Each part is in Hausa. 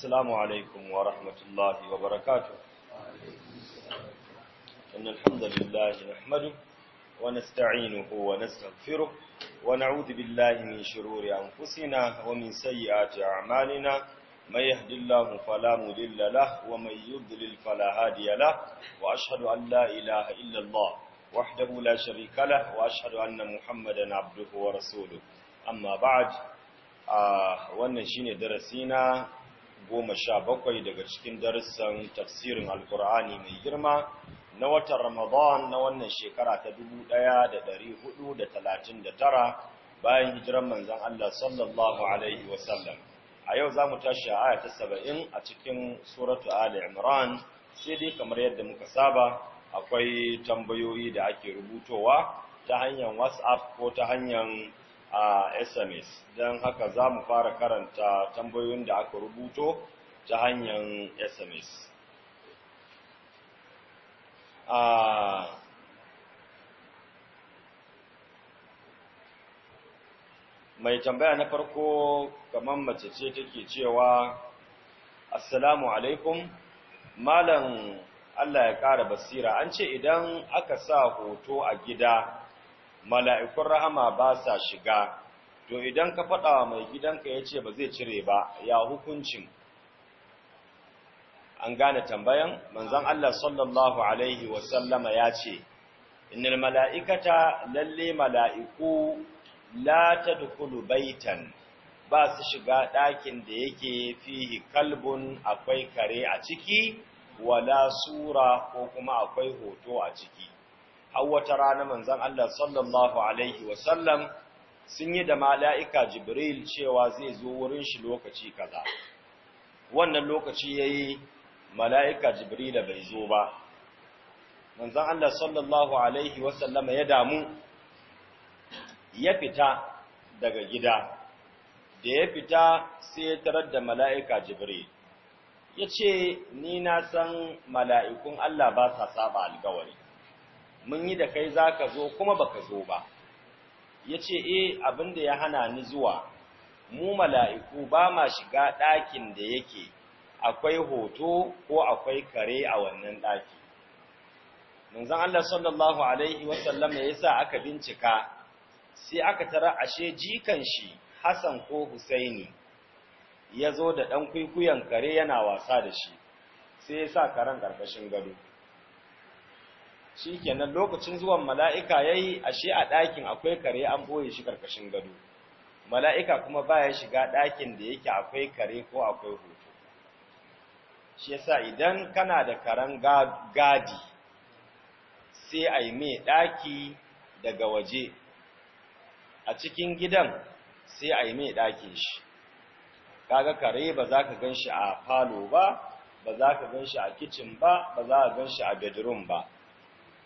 Assalamu alaikum wa rahmatullahi wa barakatuh. Inna alhamdulillahi nahmadu wa nasta'inuhu wa nastaghfiruh wa na'udhu min shururi anfusina wa min sayyiati a'malina may yahdihillahu fala mudilla lahu wa may yudlil fala hadiya wa ashhadu an la ilaha illa Allah wahdahu la sharika lahu wa ashhadu anna Muhammadan abduhu wa rasuluh. Amma ba'd a ah, wannan shine darasi na goma sha bakwai daga cikin darussan tafsirin alkur'ani mai girma na watan ramadan na wannan shekara ta dubu ɗaya da ɗari hudu da talatin da tara bayan hijiran manzan Allah sallallahu alaihi wasallam a yau za mu tashi a aya ta saba'in a cikin suratu ali imran sai dai kamar yadda muka saba akwai tambayoyi da ake rubutowa ta hanyar whatsapp ko ta hanyar a SMS don haka za mu fara karanta tambayoyin da aka rubuto ta hanyar SMS. Mai tambaya na farko kamar mace ce take cewa Assalamu alaikum, Malam Allah ya kara basira, an ce idan aka sa hoto a gida mala'ikun rahama ba sa shiga to idan ka faɗa wa mai gidanka ya ce ba zai cire ba ya hukuncin an gane tambayan manzon Allah sallallahu alaihi wasallama ya ce innal mala'ikata lalle mala'iku la tadkhulu baitan ba su shiga ɗakin da yake fihi kalbun akwai kare a ciki wala sura ko kuma akwai hoto a ciki har wata rana manzan Allah sallallahu alaihi wasallam sun yi da mala'ika Jibril cewa zai zo wurin shi lokaci kaza wannan lokaci yi mala'ika Jibril da bai zo ba Manzan Allah sallallahu alaihi wasallam ya damu ya fita daga gida da ya fita sai ya tarar da mala'ika Jibril ya ce ni na san mala'ikun Allah ba sa saba alkawari mun yi da kai za ka zo kuma baka zo ba ya ce e eh, abinda ya hana ni zuwa mu mala'iku ba ma shiga ɗakin da yake akwai hoto ko akwai kare a wannan ɗaki zan Allah sallallahu alaihi wasallam ya yasa aka bincika sai aka tara ashe jikan shi Hassan ko Husaini ya zo da ɗan kwaikwayon kare yana wasa da shi sai ya sa karen ƙarƙashin gado shi kenan lokacin zuwan mala'ika yayi ashe a ɗakin akwai kare an boye shi karkashin gado mala'ika kuma baya shiga ɗakin da yake akwai kare ko akwai hoto shi yasa idan kana da karen gadi sai a yi mai ɗaki daga waje a cikin gidan sai a yi mai ɗakin shi kaga kare ba za ka gan shi a falo ba ba za ka gan shi a kicin ba ba za ka gan shi a bedroom ba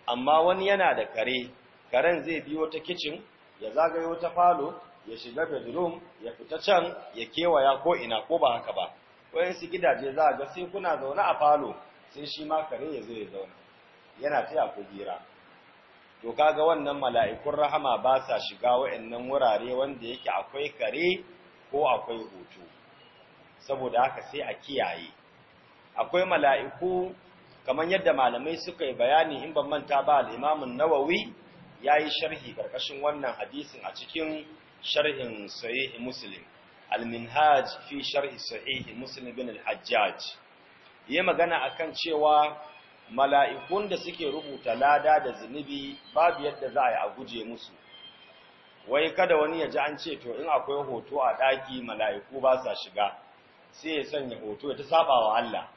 amma wani yana da kare karen zai biyo ta kicin, ya zagayo ta falo ya shiga bedroom ya fita can ya kewaya ko ina ko ba haka ba wayansu gidaje za a ga sai kuna zaune a falo sai shi ma kare ya zo ya zauna yana taya ku gira to kaga wannan mala'ikun rahama ba sa shiga wayannan wurare wanda yake akwai kare ko akwai hoto saboda haka sai a kiyaye akwai mala'iku kamar yadda malamai suka yi bayani in ban manta ba al-Imam nawawi yayi sharhi karkashin wannan hadisin a cikin sharhin sahih Muslim al-Minhaj fi sharhi sahih Muslim bin al-Hajjaj yayi magana akan cewa mala'ikun da suke rubuta lada da zunubi babu yadda za a yi a guje musu wai kada wani ya ji an ce to in akwai hoto a ɗaki mala'iku ba sa shiga sai ya sanya hoto ya ta saba wa Allah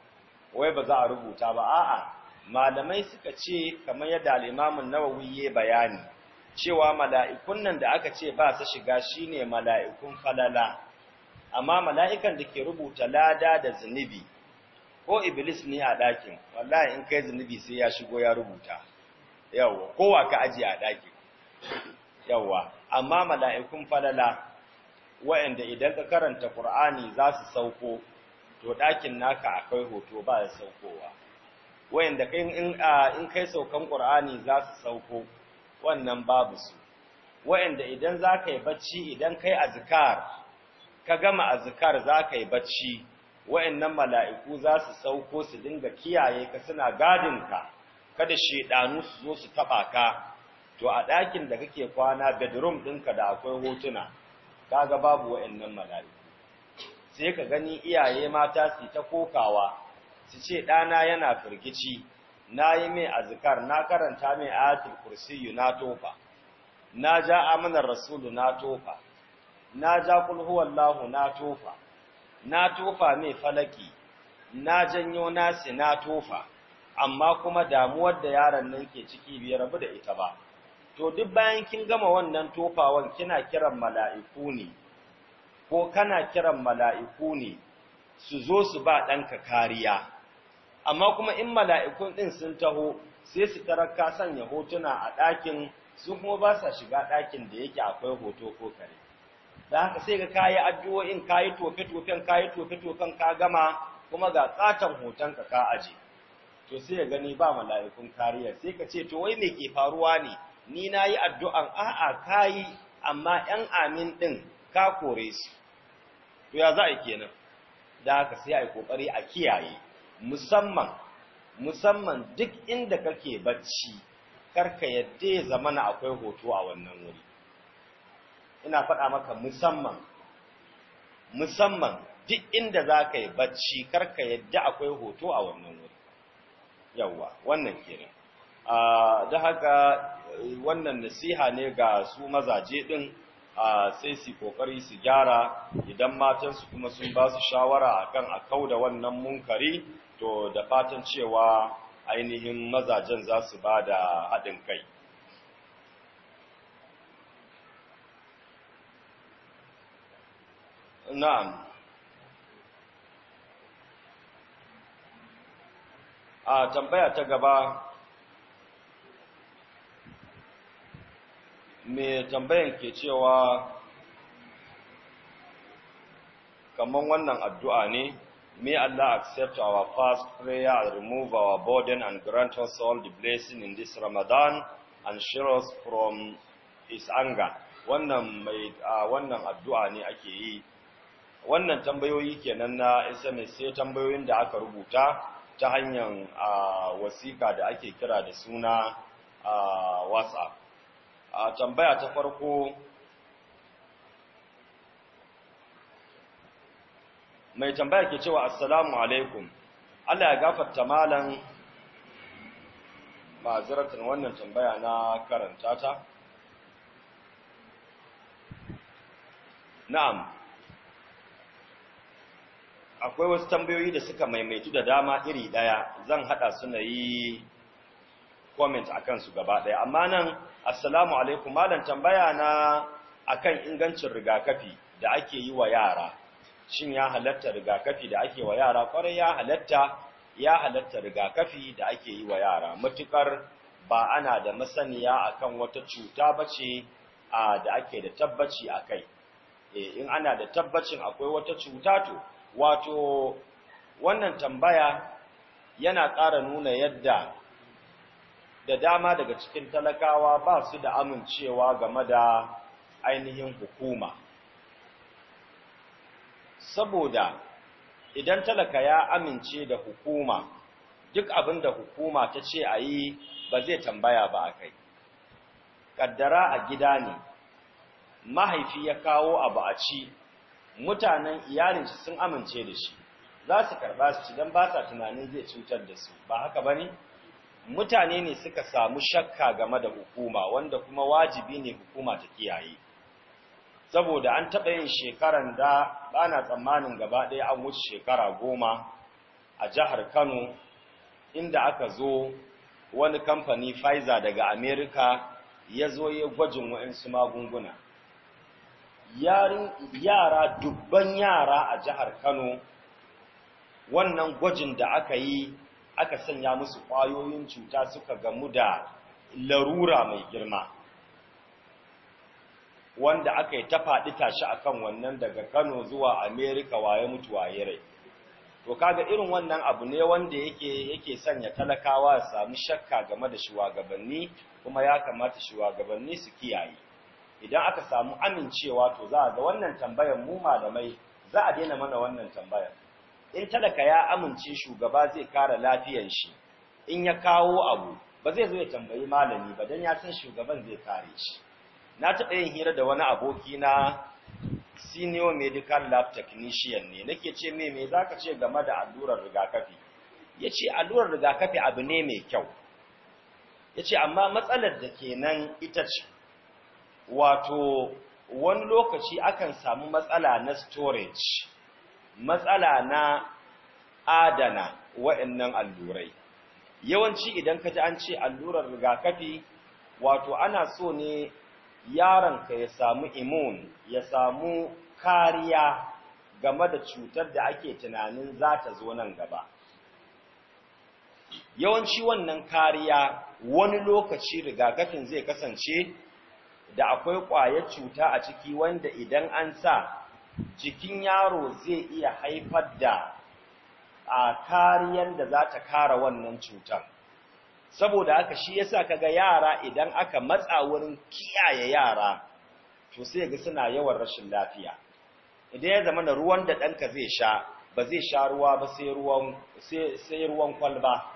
wai ba za a rubuta ba a'a malamai suka ce kamar yadda al-Imam nawawi ya bayani cewa mala'ikun nan da aka ce ba su shiga shine mala'ikun falala amma mala'ikan da ke rubuta lada da zunubi ko iblis ne a ɗakin wallahi in kai zunubi sai ya shigo ya rubuta yawa kowa ka aji a ɗakin yawa amma mala'ikun falala wa'anda idan ka karanta Qur'ani za su sauko to ɗakin naka akwai hoto ba da saukowa wayanda kai in kai saukan ƙur'ani za su sauko wannan babu su wayanda idan za ka yi bacci idan kai azkar ka gama azkar za ka yi bacci wayannan mala'iku za su sauko su dinga kiyaye ka suna gadin ka kada shedanu su zo su taɓa ka to a ɗakin da kake kwana bedroom ɗinka da akwai hotuna kaga babu wayannan mala'iku sai ka gani iyaye mata su ta kokawa su ce ɗana yana firgici na yi mai azikar na karanta mai ayatul kursiyu na tofa na ja amanar rasulu na tofa na ja kulhuwallahu na tofa na tofa mai falaki na janyo nasi na tofa amma kuma damuwar da yaron nan ke ciki bai rabu da ita ba to duk bayan kin gama wannan tofawan kina kiran mala'iku ne ko kana kiran mala'iku ne su zo su ba ɗanka kariya amma kuma in mala'ikun ɗin sun taho sai su taraka sanya hotuna a ɗakin su kuma ba sa shiga ɗakin da yake akwai hoto ko kare da haka sai ga kayi addu'o'in kayi tofe-tofen kayi tofe-tofen ka gama kuma ga katon hoton ka ka aje to sai ya gani ba mala'ikun kariya sai ka ce to wai me ke faruwa ne ni na yi addu'an a'a kayi amma 'yan amin ɗin ka kore su to ya za a yi kenan da haka sai a yi kokari a kiyaye musamman musamman duk inda kake bacci karka yadda ya zama na akwai hoto a wannan wuri ina faɗa maka musamman musamman duk inda za ka yi bacci karka yadda akwai hoto a wannan wuri yawwa wannan kenan ah, da haka eh, wannan nasiha ne ga su mazaje din. sai su kokari su gyara idan matan su kuma sun ba su shawara akan a da wannan munkari to da fatan cewa ainihin mazajen za su ba da haɗin kai na'am a tambaya ta gaba mai tambayan ke cewa kamar wannan addu'a ne may Allah accept our fast prayer and remove our burden and grant us all the blessing in this Ramadan and share us from his anger wannan mai wannan addu'a ne ake yi wannan tambayoyi kenan na SMS sai tambayoyin da aka rubuta ta hanyar wasiƙa da ake kira da suna WhatsApp a tambaya ta farko mai tambaya ke cewa assalamu alaikum Allah ya gafarta malan ma'aziratin wannan tambaya na karanta ta na'am akwai wasu tambayoyi da suka maimaitu da dama iri daya zan hada suna yi comment a kansu gaba daya amma nan assalamu alaikum malam tambaya na akan ingancin rigakafi da ake yi wa yara shin ya halatta rigakafi da ake wa yara kwarai ya halatta ya halatta rigakafi da ake yi wa yara matukar ba ana da masaniya akan wata cuta bace da ake da tabbaci akai eh, in ana da tabbacin akwai wata cuta to wato wannan tambaya yana ƙara nuna yadda da dama daga cikin talakawa ba su da amincewa game da ainihin hukuma saboda idan talaka ya amince da hukuma duk abin da hukuma ta ce a yi ba zai tambaya ba a kai ƙaddara a gida ne mahaifi ya kawo abu a ci mutanen iyalinsu sun amince da shi za su karɓa su ci don ba sa tunanin zai cutar da su ba haka ba ne mutane ne suka samu shakka game da hukuma wanda kuma wajibi ne hukuma ta kiyaye saboda an taɓa yin shekaran da bana tsammanin gaba ɗaya an wuce shekara goma a jihar kano inda aka zo wani kamfani pfizer daga Amerika ya zo ya gwajin wa'insu magunguna yara dubban yara a jihar kano wannan gwajin da aka yi aka sanya musu ƙwayoyin cuta suka gamu da larura mai girma wanda aka yi ta faɗi tashi akan wannan daga Kano zuwa Amerika waye mutu waye rai to kaga irin wannan abu ne wanda yake yake sanya talakawa ya samu shakka game da shugabanni kuma ya kamata shugabanni su kiyaye idan aka samu amincewa to za a ga wannan tambayar mu malamai za a daina mana wannan tambayar in talaka ya amince shugaba zai kara lafiyar shi in ya kawo abu ba zai zo ya tambayi malami ba don ya san shugaban zai kare shi na taɓa yin hira da wani aboki na senior medical lab technician ne nake ce me me zaka ce game da allurar rigakafi yace allurar rigakafi abu ne mai kyau yace amma matsalar da kenan ita ce wato wani lokaci akan samu matsala na storage matsala na adana wa'annan allurai yawanci idan ka ji an ce allurar rigakafi wato ana so ne yaronka ya samu imun ya samu kariya game da cutar da ake tunanin za ta zo nan gaba yawanci wannan kariya wani lokaci rigakafin zai kasance da akwai ƙwayar cuta a ciki wanda idan an sa jikin yaro zai iya haifar da a kariyar da za ta kara wannan cutar saboda haka shi yasa kaga yara idan aka matsa wurin kiyaye yara to sai ga suna yawan rashin lafiya idan ya zama da ruwan da ɗanka zai sha ba zai sha ruwa ba sai ruwan sai ruwan kwalba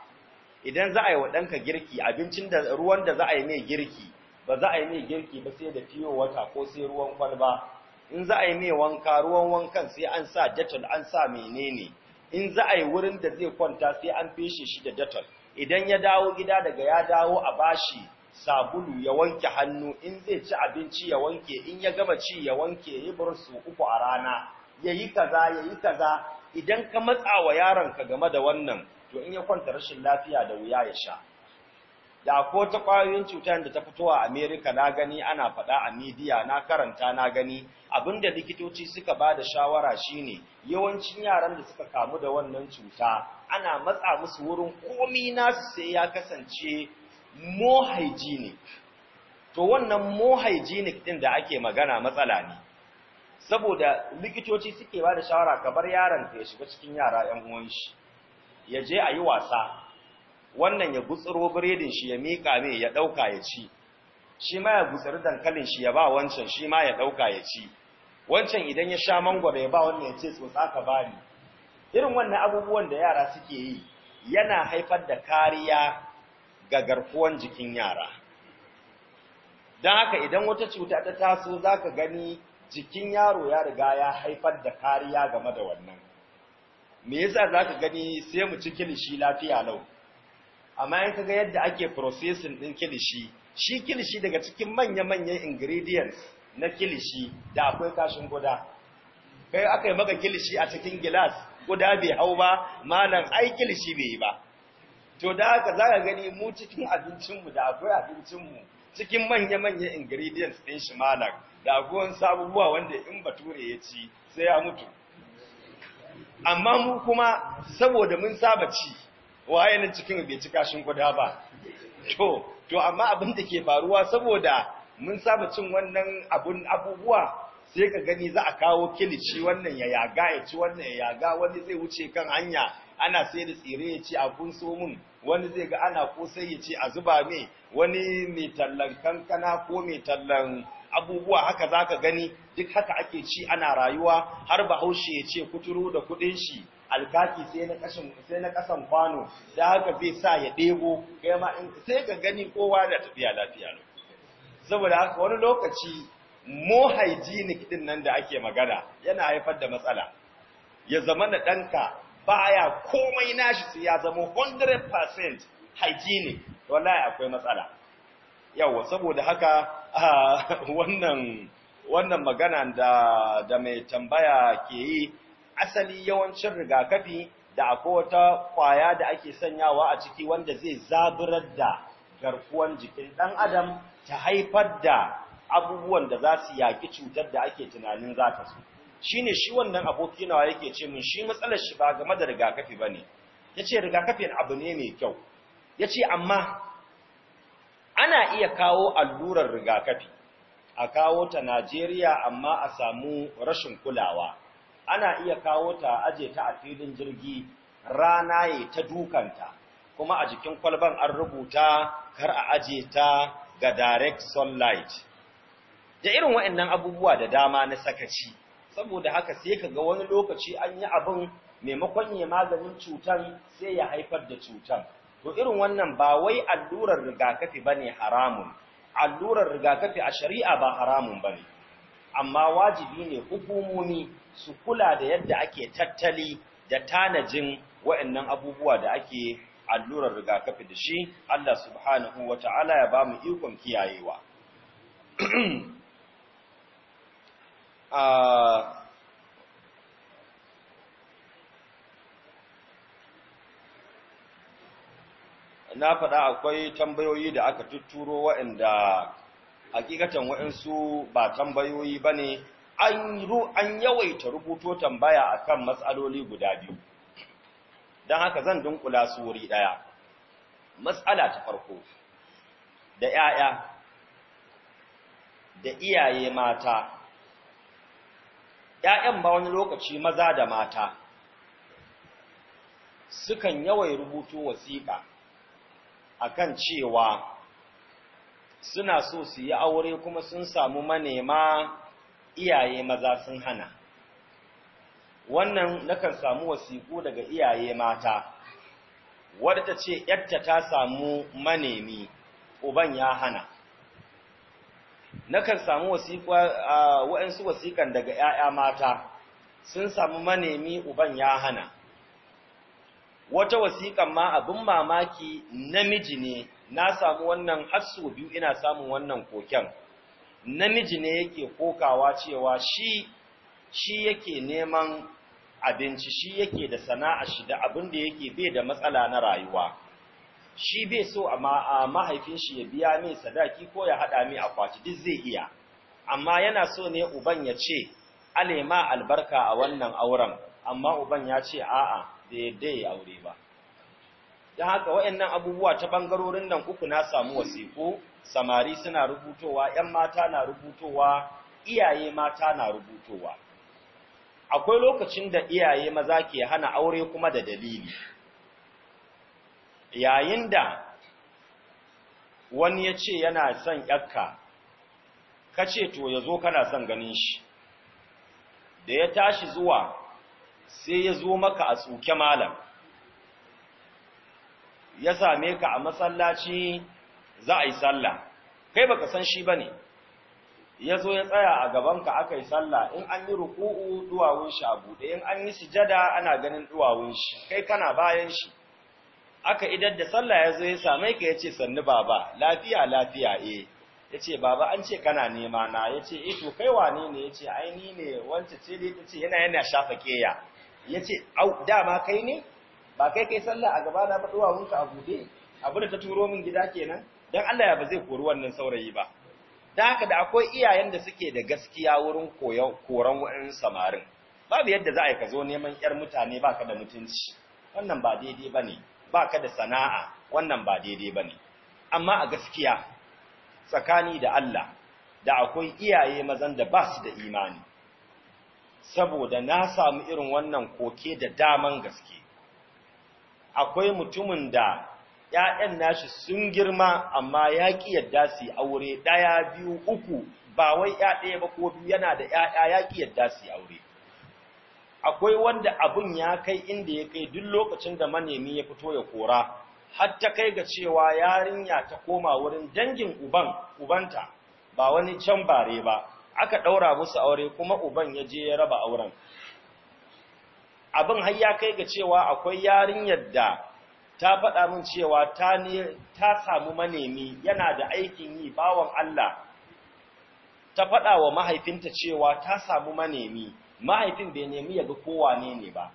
idan za a yi wa ɗanka girki abincin da ruwan da za a yi mai girki ba za a yi mai girki ba sai da fiyo wata ko sai ruwan kwalba in za a yi mai wanka ruwan wankan sai an sa detol an sa menene in za a yi wurin da zai kwanta sai an feshe shi da detol idan ya dawo gida daga ya dawo a bashi sabulu ya wanke hannu in zai ci abinci ya wanke in ya gama ci ya wanke yi bursu uku a rana ya yayi kaza yayi kaza idan ka matsa wa yaron ka game da wannan to in ya kwanta rashin lafiya da wuya ya sha da ko ta ƙwayoyin cutar da ta fito a Amerika na gani ana faɗa a midiya na karanta na gani abinda likitoci suka ba da shawara shine yawancin yaran da suka kamu da wannan cuta ana matsa musu wurin komi nasu sai ya kasance more to wannan more ɗin din da ake magana matsala ne saboda likitoci suke ba da shawara ka bar yaron ya shiga cikin yara 'yan uwan ya je a yi wasa wannan ya gutsuro biredin shi ya mika mai ya ɗauka ya ci shi ma ya gutsuri dankalin shi ya ba wancan shi ma ya ɗauka ya ci wancan idan ya sha mangwaro ya ba wannan ya ce tsotsa ka bari. irin wannan abubuwan da yara suke yi yana haifar da kariya ga garkuwan jikin yara don haka idan wata cuta ta taso za ka gani jikin yaro ya riga ya haifar da kariya game da wannan me yasa za ka gani sai mu ci kilishi lafiya lau amma in kaga yadda ake processing ɗin kilishi shi kilishi daga cikin manya-manyan ingredients na kilishi da akwai kashin guda kai aka yi maka kilishi a cikin gilas guda bai hau ba malam ai kilishi bai yi ba to da haka za ka gani mu cikin abincinmu da akwai abincinmu cikin manya-manyan ingredients ɗin shi malam da akwai sabubuwa wanda in bature ya ci sai ya mutu amma mu kuma saboda mun saba ci waye nan cikin bai ci kashin kuda ba to to amma abin da ke faruwa saboda mun saba cin wannan abun abubuwa sai ka gani za a kawo kilici wannan ya yaga ya ci wannan ya yaga wani zai wuce kan hanya ana sai da tsire ya ce abun mun wani zai ga ana ko sai ya ce a zuba me wani mai tallan kankana ko mai tallan abubuwa haka za ka gani duk haka ake ci ana rayuwa har bahaushe ya ce kuturu da kudin shi alkaki sai na kashin sai na kasan kwano da haka zai sa ya debo kai ma in sai ka gani kowa da tafiya lafiya saboda haka wani lokaci mo hygienic din nan da ake magana yana haifar da matsala ya zama na danka baya komai nashi sai ya zama 100% hygienic wallahi akwai matsala yawa saboda haka wannan wannan magana da da mai tambaya ke yi asali yawancin rigakafi da akwai wata kwaya da ake sanyawa a ciki wanda zai zaburar da garkuwan jikin ɗan adam ta haifar da abubuwan da za su yaƙi cutar da ake tunanin za ta su shi ne shi wannan aboki nawa yake ce min shi matsalar shi ba game da rigakafi ba ne ya ce rigakafi abu ne mai kyau ya ce amma ana iya kawo allurar rigakafi a kawo ta najeriya amma a samu rashin kulawa ana iya kawo ta aje ta a filin jirgi rana ya ta dukanta kuma a jikin kwalban an rubuta kar a aje ta ga direct sunlight da irin waɗannan abubuwa da dama na sakaci saboda haka sai ka ga wani lokaci an yi abin maimakon ya maganin cutan sai ya haifar da cutan to irin wannan ba wai allurar rigakafi ba ne haramun allurar rigakafi a shari'a ba haramun ba ne, amma wajibi ne hukumomi su kula da yadda ake tattali da tanajin wa'annan abubuwa da ake allurar rigakafi da shi Allah subhanahu wa ta'ala ya ba mu ikon kiyayewa. Ah, na faɗa akwai tambayoyi da aka tutturo wa'anda hakikatan waɗansu ba tambayoyi ba ne an yawaita rubuto tambaya akan matsaloli guda biyu don haka zan dunkula su wuri ɗaya matsala ta farko da 'ya'ya da iyaye mata ‘ya'yan ba wani lokaci maza da mata sukan yawai rubutu wasiƙa akan cewa suna so su yi aure kuma sun samu manema iyaye maza sun hana wannan nakan samu wasiƙu daga iyaye mata wadda ta ce yadda ta samu manemi uban ya hana nakan samu waɗansu wasiƙan daga ‘ya'ya mata sun samu manemi uban ya hana wata wasiƙan ma abin mamaki namiji ne na samu wannan har biyu ina samun wannan koken namiji ne yake kokawa cewa shi shi yake neman abinci shi yake da sana'a shi da abin da yake bai da matsala na rayuwa shi bai so amma mahaifin shi ya biya mai sadaki ko ya haɗa mai akwati duk zai iya amma yana so ne uban ya ce alema albarka a wannan auren amma uban ya ce a'a da yadda ya aure ba don haka waɗannan abubuwa ta ɓangarorin nan uku na samu wasiƙo samari suna rubutowa ‘yan mata na rubutowa iyaye mata na rubutowa akwai lokacin da iyaye maza ke hana aure kuma da dalili yayin da wani ya ce yana son ‘yakka ka ce to ya zo kana son ganin shi da ya tashi zuwa sai ya zo maka a tsuke malam ya same ka a masallaci za a yi sallah kai baka san shi bane ya zo ya tsaya a gabanka aka yi sallah in an yi ruku'u duwawun shi a buɗe in an yi sujada ana ganin duwawun shi kai kana bayan shi aka idar da sallah ya zo ya same ka ya ce sannu baba lafiya lafiya eh ya ce baba an ce kana nema na ya ce eh to kai wane ne ya ce ni ne wancan ce da ta ce yana yana shafa keya ya ce au dama kai ne ba kai kai sallah a gaba na ba duwawunka a buɗe abu da ta turo min gida kenan dan Allah ya ba zai kori wannan saurayi ba dan haka da akwai iyayen da suke da gaskiya wurin koyon koran wa'in samarin babu yadda za a yi ka zo neman yar mutane baka da mutunci wannan ba daidai bane baka da sana'a wannan ba daidai bane amma a gaskiya tsakani da Allah da akwai iyaye mazan da ba su da imani saboda na samu irin wannan koke da daman gaske akwai mutumin da ‘ya'yan nashi sun girma amma ya ƙi yadda su aure ɗaya biyu uku ba wai ‘ya ɗaya ba ko biyu yana da ‘ya'ya ya ƙi yadda su aure. Akwai wanda abin ya kai inda ya kai duk lokacin da manemi ya fito ya kora, har ta kai ga cewa yarinya ta koma wurin dangin uban, ubanta, ba wani can bare ba, aka ɗaura musu aure kuma uban ya je ya raba auren. Abin har ya kai ga cewa akwai yarinyar da ta faɗa min cewa ta ne ta samu manemi yana da aikin yi bawan Allah ta faɗa wa mahaifinta cewa ta samu manemi mahaifin bai nemi ya ga kowa ne ne ba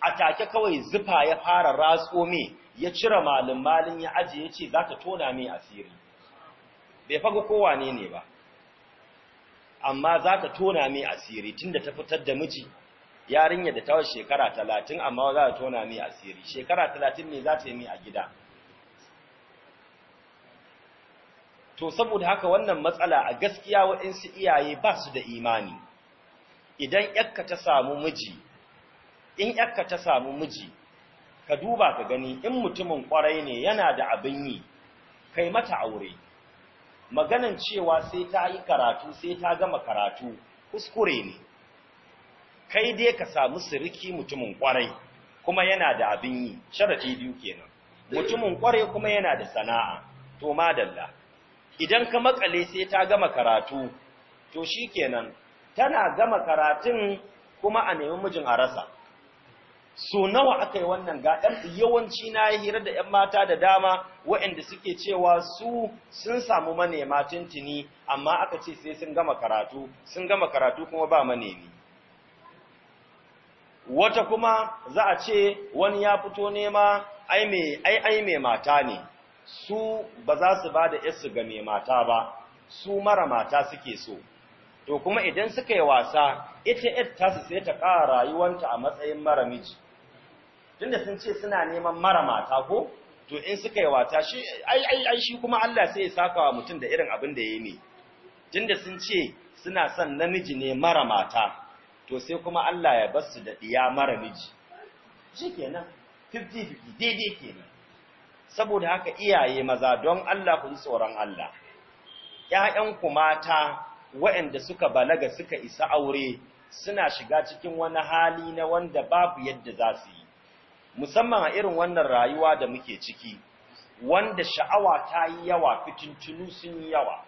a take kawai zufa ya fara ratso me ya cire malin malin ya ajiye ce za ta tona mai asiri bai faga kowa ne ne ba amma za ta tona mai asiri tunda ta fitar da miji yarinya da ta tawar shekara talatin amma za ta tona ni asiri shekara talatin ne za ta yi ni a gida to saboda haka wannan matsala a gaskiya waɗansu iyaye ba su da imani idan yakka ta samu miji in yakka ta samu miji ka duba ka gani in mutumin kwarai ne yana da abin yi kai mata aure maganan cewa sai ta yi karatu sai ta gama karatu kuskure ne kai dai ka samu siriki mutumin kwarai kuma yana da abin yi sharadi biyu kenan mutumin kwarai kuma yana da sana'a to madalla idan ka makale sai ta gama karatu to shikenan tana gama karatun kuma a nemi mijin a rasa so nawa aka yi wannan ga ɗan yawanci na yi hira da 'yan mata da dama waɗanda suke cewa su sun samu manema tuntuni amma aka ce sai sun gama karatu sun gama karatu kuma ba manemi wata kuma za a ce wani ya fito nema ai mai ai ai mai mata ne su ba za su ba da yarsu ga mai mata ba su mara mata suke so to kuma idan suka yi wasa ita ita tasu sai ta ƙara rayuwanta a matsayin mara miji tunda sun ce suna neman mara mata ko to in suka yi wasa shi ai ai ai shi kuma Allah sai ya saka wa mutum da irin abin da yayi ne tunda sun ce suna son namiji ne mara mata to sai kuma Allah ya bar su da ɗiya mara miji shi kenan 50-50 daidai kenan saboda haka iyaye maza don Allah ku tsoron Allah ‘ya'yanku mata waɗanda suka balaga suka isa aure suna shiga cikin wani hali na wanda babu yadda za su yi musamman a irin wannan rayuwa da muke ciki wanda sha'awa ta yi yawa fitintunu sun yi yawa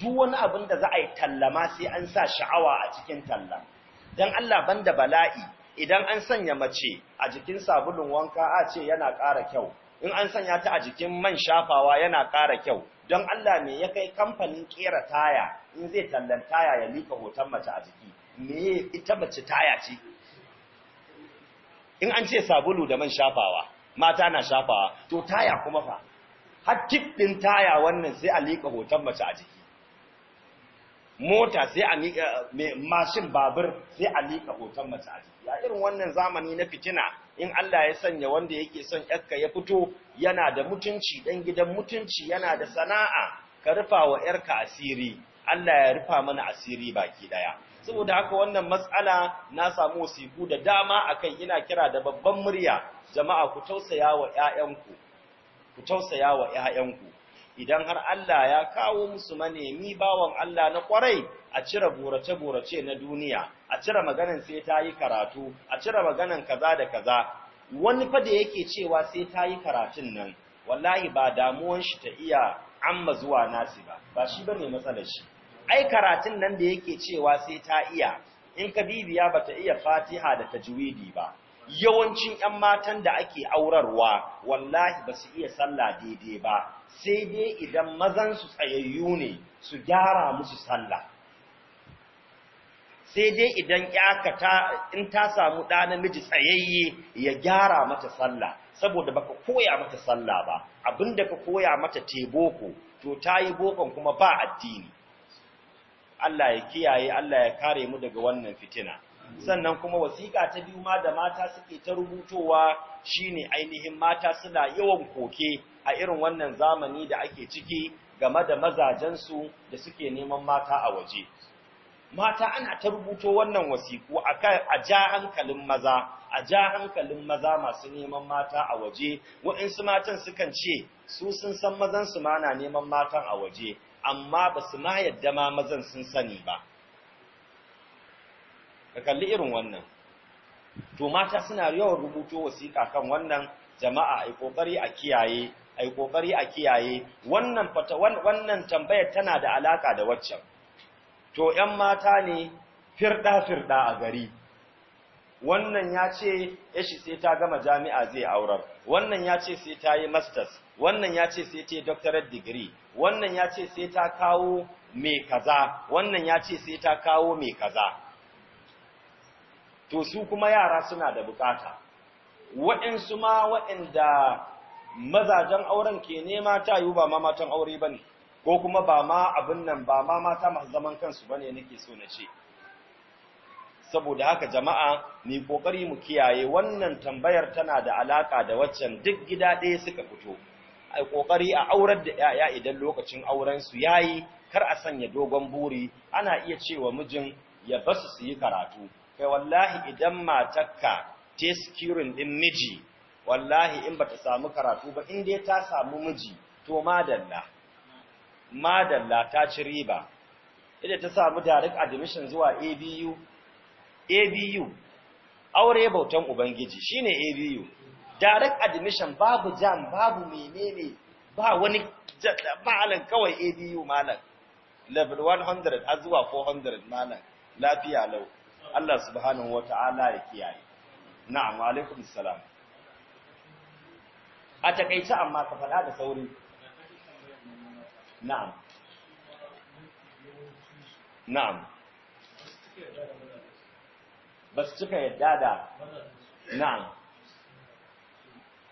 duk wani abin da za a yi tallama sai an sa sha'awa a cikin tallama dan Allah banda bala'i idan an sanya mace a jikin sabulun wanka a ce yana ƙara kyau in an sanya ta a jikin man shafawa yana ƙara kyau don Allah me ya kai kamfanin ƙera taya in zai tallan taya ya lika hoton mace a jiki me ita mace taya ce in an ce sabulu da man shafawa mata na shafawa to taya kuma fa har taya wannan sai a lika hoton mace a jiki mota sai a miƙa mai mashin babur sai a miƙa hoton mace a jiki a irin wannan zamani na fitina in Allah ya sanya wanda yake son yakka ya fito yana da mutunci dan gidan mutunci yana da sana'a ka rufa wa yarka asiri Allah ya rufa mana asiri baki daya saboda haka wannan matsala na samu wasiku da dama a akan ina kira da babban murya jama'a ku tausaya wa ƴaƴanku idan har Allah ya kawo musu manemi bawan Allah na kwarai a cire borace-borace na duniya a cire maganan sai ta yi karatu a cire maganan kaza da kaza wani fa da yake cewa sai ta yi karatun nan wallahi ba damuwan shi ta iya amma zuwa nasi ba ba shi ba ne matsalar shi ai karatun nan da yake cewa sai ta iya in ka bibiya ba ta iya Fatiha da tajwidi ba yawancin ‘yan matan da ake aurarwa wallahi ba su iya sallah daidai ba sai dai idan mazan su tsayayyu ne su gyara musu sallah sai dai idan ‘yaka ta in ta samu ɗa namiji tsayayye ya gyara mata sallah saboda baka koya mata sallah ba abinda ka koya mata teboko, to ta yi bokon kuma ba addini Allah ya kiyaye Allah ya kare mu daga wannan fitina sannan kuma wasiƙa ta biyu ma da mata suke ta rubutowa shine ainihin mata suna yawan koke a irin wannan zamani da ake ciki game da mazajensu da suke neman mata a waje mata ana ta rubuto wannan wasiku a ja hankalin maza a ja hankalin maza masu neman mata a waje waɗansu matan sukan ce su sun san mazan su ma na neman matan a waje amma ba su ma yadda ma mazan sun sani ba ka kalli irin wannan to mata suna yawan rubuto wasiƙa kan wannan jama'a ai kokari a kiyaye ai kokari a kiyaye wannan fata wannan tambayar tana da alaka da waccan to ƴan mata ne firda firda a gari wannan ya ce yashi eh sai ta gama jami'a zai aurar wannan ya ce sai ta yi masters wannan ya ce sai ta yi doctorate degree wannan ya ce sai ta kawo mai kaza wannan ya ce sai ta kawo mai kaza to su kuma yara suna da bukata waɗansu ma waɗanda mazajen auren ke nema ta yiwu ba ma matan aure ba ne ko kuma ba ma abin nan ba ma mata masu zaman kansu ba ne nake so na ce saboda haka jama'a ni kokari mu kiyaye wannan tambayar tana da alaka da waccan duk gida ɗaya suka fito A kokari a aurar da yaya idan lokacin auren su yayi kar a sanya dogon buri ana iya cewa mijin ya basu su yi karatu kai wallahi idan matakka ta securing din miji wallahi in ba ta samu karatu ba in dai ta samu miji to madalla madalla ta ci riba idan ta samu direct admission zuwa ABU ABU aure bautan ubangiji shine ABU direct admission babu jam babu menene ba wani malam kawai ABU malam level 100 har zuwa 400 malam lafiya lau Allah subhanahu ta’ala ya kiyaye na'am wa alaikum salam a takaice amma ka faɗa da sauri na'am na'am ba su cika yadda da na'am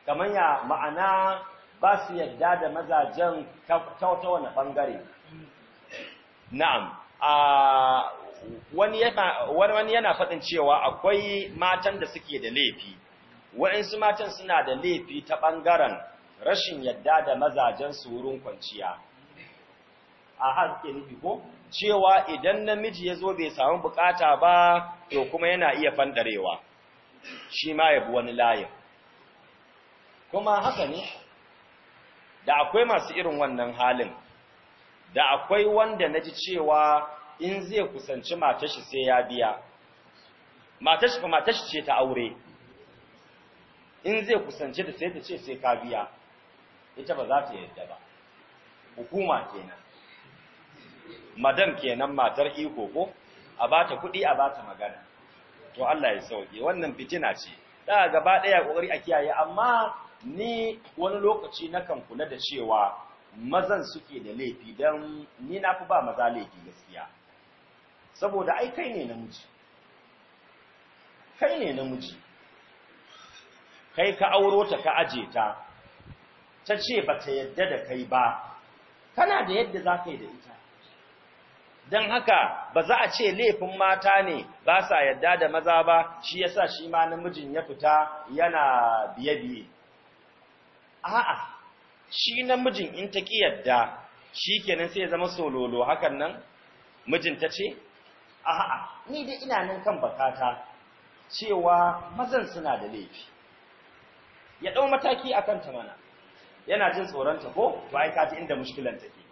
kamar ya ma'ana ba su yadda da mazajen ta wani ɓangare na'am a wani yana wani yana faɗin cewa akwai matan da suke da laifi Waɗansu matan suna da laifi ta ɓangaren rashin yadda da mazajen su wurin kwanciya a haske nufi ko cewa idan namiji ya zo bai samu bukata ba to kuma yana iya fandarewa shi ma ya bi wani layin kuma haka ne da akwai masu irin wannan halin da akwai wanda na ji cewa in zai kusanci matashi sai ya biya matashi fa matashi ce ta aure in zai kusance da sai ta ce sai ka biya ita ba za ta yadda ba hukuma kenan madam kenan matar iko ko a bata kuɗi a bata magana to Allah ya sauke wannan fitina ce da gaba ɗaya kokari a kiyaye amma ni wani lokaci nakan kula da cewa mazan suke da laifi don ni na fi ba maza laifi gaskiya saboda ai kai ne namiji kai ne namiji kai ka auro ta ka aje ta ta ce ba ta yadda da kai ba kana da yadda za ka yi da ita don haka ba za a ce laifin mata ne ba sa yadda da maza ba shi ya sa shi ma namijin ya fita yana biye-biye a'a shi namijin in ta ki yadda shi kenan sai ya zama sololo hakan nan mijin ta ce a'a ni dai ina nan kan bakata cewa mazan suna da laifi ya ɗau mataki a ta mana yana jin tsoron ta ko to ai ka ji inda mushkilan take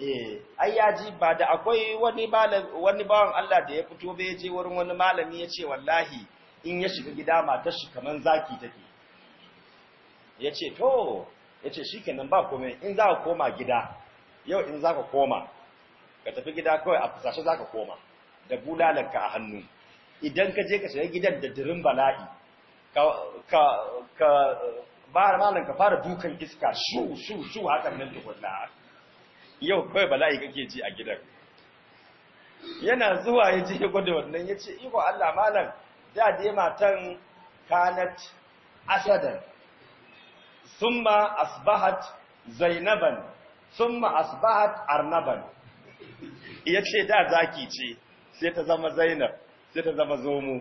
eh ai ya ji ba da akwai wani bawan Allah da ya fito bai je wurin wani malami ya ce wallahi in ya shiga gida matar shi kaman zaki take ya ce to ya ce shikenan ba komai in za ka koma gida yau in za ka koma ka tafi gida kawai a fasashe za ka koma da bulalarka a hannu idan ka je ka shiga gidan da dirin bala'i ka bara malam ka fara dukan iska shu shu shu hakan nan tukunna yau kawai bala'i kake ji a gidan yana zuwa ya je gwada wannan ya ce iko Allah malam da ya matan kanat asadan summa asbahat zainaban summa asbahat arnaban ya ce da zaki ce sai ta zama zainab sai ta zama zomo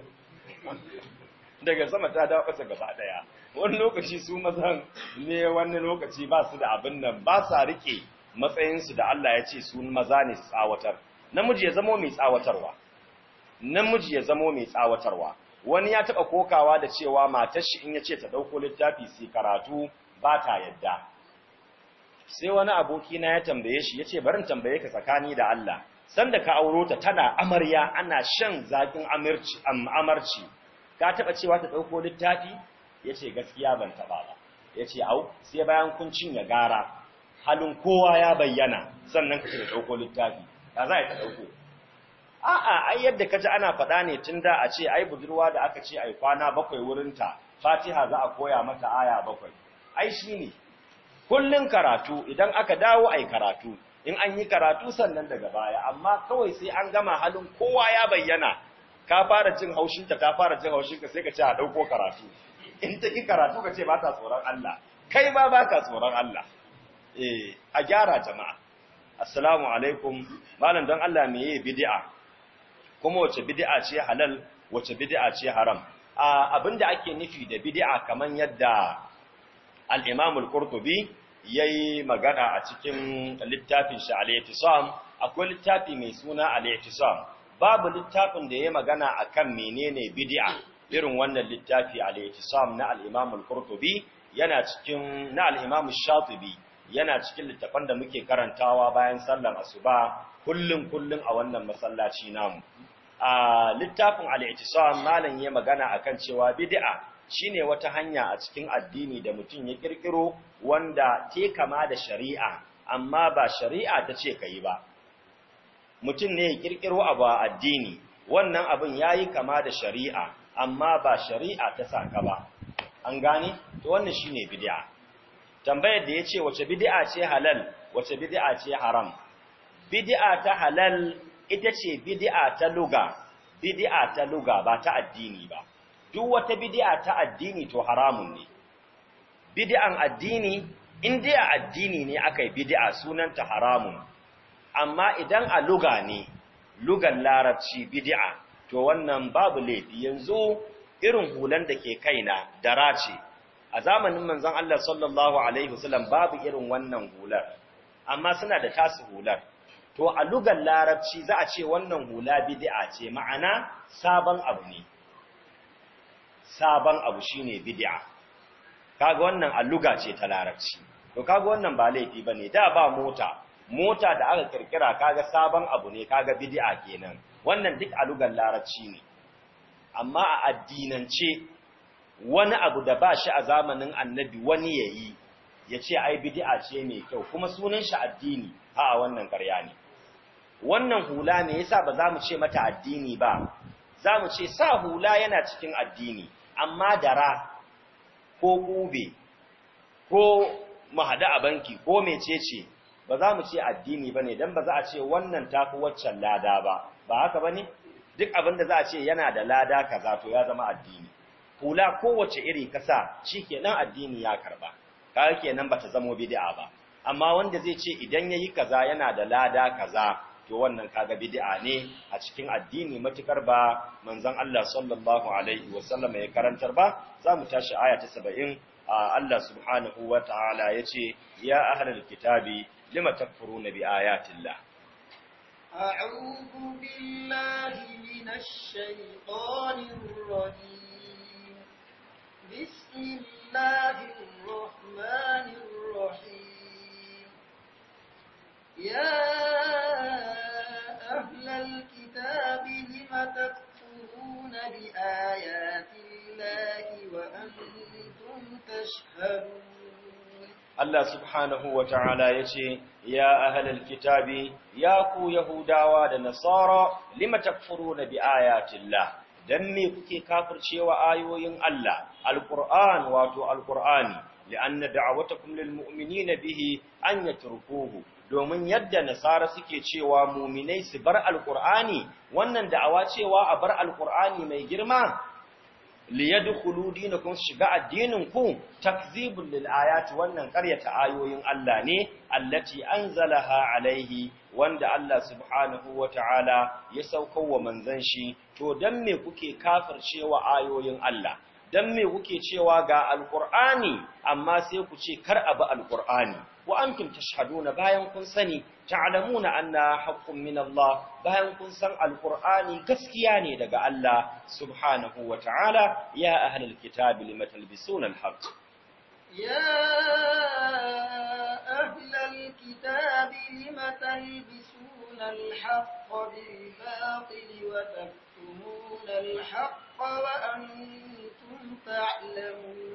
daga sama ta dawo ƙasa gaba daya wani lokaci su mazan ne wani lokaci ba su da abin nan ba sa rike matsayinsu da Allah ya ce su maza ne su tsawatar namiji ya zamo mai tsawatarwa namiji ya zama mai tsawatarwa wani ya taɓa kokawa da cewa matar shi in ya ce ta ɗauko littafi sai karatu ba ta yadda sai wani aboki na ya tambaye shi yace barin tambaye ka tsakani da Allah sanda ka auro ta tana amarya ana shan zakin amarci amarci ka taba cewa ta dauko littafi yace gaskiya ban taba ba yace au sai bayan kun cinye gara halin kowa ya bayyana sannan ka ce dauko littafi ka za ta dauko a'a ai yadda kaji ana faɗa ne tun da a ce ai budurwa da aka ce ai kwana bakwai wurinta fatiha za a koya mata aya bakwai ai shine kullun karatu idan aka dawo ai karatu in an yi karatu sannan daga baya amma kawai sai an gama halin kowa ya bayyana ka fara jin haushinta ta fara jin haushinka sai ka ce a dauko karatu in ta ki karatu ka ce ba ta tsoron Allah kai ma ba ka tsoron Allah eh a gyara jama'a assalamu alaikum malam dan Allah me yi bid'a kuma wace bid'a ce halal wace bid'a ce haram A ah, abinda ake nufi da bid'a kaman yadda al-Imam al-Qurtubi yayi magana a cikin littafin shi al akwai littafi mai suna al babu littafin da yayi magana akan menene bid'a irin wannan littafi al-i'tisam na al-imam yana cikin na al-imam ash yana cikin littafan da muke karantawa bayan sallar asuba kullum kullum a wannan masallaci namu a littafin al-i'tisam malam yayi magana akan cewa bid'a shine wata hanya a cikin addini da mutum ya kirkiro wanda ke kama da shari'a amma ba shari'a ta ce yi ba mutum ne ya kirkiro abu a addini wannan abin ya yi kama da shari'a amma ba shari'a ta ka ba an gane to wannan shine bid'a tambayar da ya ce wace bid'a ce halal wace bid'a ce haram bid'a ta halal ita ce bid'a ta luga bid'a ta luga ba ta addini ba duk wata bidi'a ta addini to haramun ne Bidi'an addini in dai addini ne aka yi sunan sunanta haramun amma idan a luga ne lugan larabci bidi'a, to wannan babu laifi yanzu irin hulan da ke kaina dara ce a zamanin manzon Allah sallallahu alaihi wasallam babu irin wannan hular amma suna da tasu hular to a lugan larabci za a ce wannan hula bid'a ce ma'ana sabon abu ne sabon abu shine bid'a kaga wannan alluga ce ta larabci to kaga wannan ba laifi bane da ba mota mota da aka kirkira kaga sabon abu ne kaga bid'a kenan wannan duk alugan larabci ne amma a addinance wani abu da ba shi a zamanin annabi wani yayi ya ce ai bid'a ce mai kyau kuma sunan shi addini a wannan ƙarya ne wannan hula me yasa ba za mu ce mata addini ba za mu ce sa hula yana cikin addini amma dara ko kube ko mahada a banki ko mecece ba za mu ce addini ba ne don ba za a ce wannan tafi waccan lada ba ba haka ba ne duk abin da za a ce yana da lada kaza to ya zama addini hula kowace iri kasa shi nan addini ya karba nan ba ta zamo bida'a ba amma wanda zai ce idan ya yi kaza yana da lada kaza to wannan kaga bid'a ne a cikin addini matukar ba manzon Allah sallallahu alaihi wa sallam ya karantar ba za mu tashi aya ta 70 Allah subhanahu wa Ta'ala ya ce ahlal kitabi lima takfuruna bi ayatillah أعوذ بالله من الشيطان الرجيم بسم الله الرحمن الرحيم يا أهل الكتاب لم تكفرون بآيات الله وأنتم تشهدون Allah subhanahu wa ta'ala ya ce, Ya ahalar kitabi, ya ku Yahudawa da Nasara, lima takfuru na bi'ayatillah, don me kuke kafircewa ayoyin Allah, Al'ur'an wato Al'ur'ani, li'an na da'awata kumlil mu'umini na bihi an ya turkuhu, domin yadda nasara suke cewa muminai su bar alkur'ani wannan da'awa cewa a bar alkur'ani mai girma liyadkhulu dinakum shiga addinin ku takzibul lil ayati wannan ƙaryata ayoyin Allah ne allati anzalaha alaihi wanda Allah subhanahu Ta'ala ya saukowa wa manzanshi. to don me kuke kafircewa ayoyin Allah dan me kuke cewa ga Alƙur'ani amma sai ku ce kar abu Alƙur'ani. wa antum tashhaduna bayan kun sani ta'lamuna anna haqqun min Allah bayan kun san Alƙur'ani gaskiya ne daga Allah subhanahu wa ta'ala ya ahlal kitabi limatalbisuna alhaq ya ahlal kitabi limatalbisuna alhaq bil batil wa taktumuna alhaq wa antum تعلمون